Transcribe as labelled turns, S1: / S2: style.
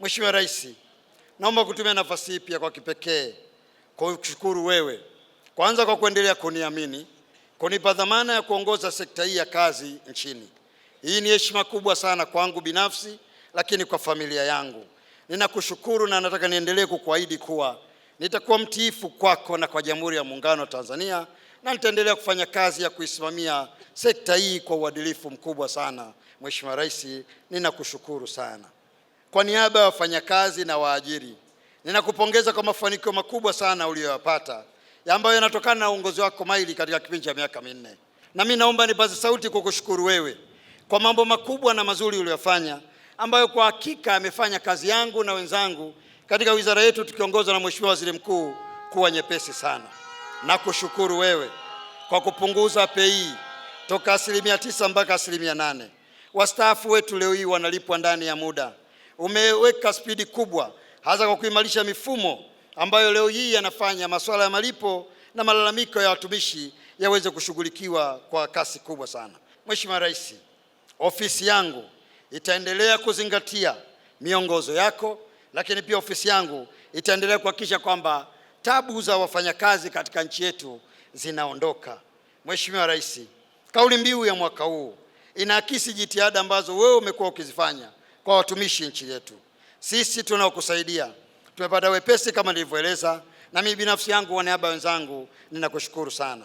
S1: Mheshimiwa Rais, naomba kutumia nafasi hii pia kwa kipekee kwa kushukuru wewe kwanza kwa kuendelea kuniamini, kunipa dhamana ya kuongoza sekta hii ya kazi nchini. Hii ni heshima kubwa sana kwangu binafsi, lakini kwa familia yangu. Ninakushukuru na nataka niendelee kukuahidi kuwa nitakuwa mtiifu kwako na kwa Jamhuri ya Muungano wa Tanzania na nitaendelea kufanya kazi ya kuisimamia sekta hii kwa uadilifu mkubwa sana. Mheshimiwa Rais, ninakushukuru sana. Kwa niaba ya wafanyakazi na waajiri, ninakupongeza kwa mafanikio makubwa sana uliyoyapata ambayo yanatokana na uongozi wako maili katika kipindi cha miaka minne. Na mimi naomba nipaze sauti kukushukuru wewe kwa mambo makubwa na mazuri uliyofanya, ambayo kwa hakika amefanya kazi yangu na wenzangu katika wizara yetu tukiongozwa na Mheshimiwa Waziri Mkuu kuwa nyepesi sana. Nakushukuru wewe kwa kupunguza pei toka asilimia tisa mpaka asilimia nane. Wastaafu wetu leo hii wanalipwa ndani ya muda umeweka spidi kubwa, hasa kwa kuimarisha mifumo ambayo leo hii yanafanya masuala ya malipo na malalamiko ya watumishi yaweze kushughulikiwa kwa kasi kubwa sana. Mheshimiwa Rais, ofisi yangu itaendelea kuzingatia miongozo yako, lakini pia ofisi yangu itaendelea kuhakikisha kwamba tabu za wafanyakazi katika nchi yetu zinaondoka. Mheshimiwa Rais, kauli mbiu ya mwaka huu inaakisi jitihada ambazo wewe umekuwa ukizifanya kwa watumishi nchi yetu. Sisi tunaokusaidia tumepata wepesi kama nilivyoeleza, na mimi binafsi yangu kwa niaba ya wenzangu ninakushukuru sana.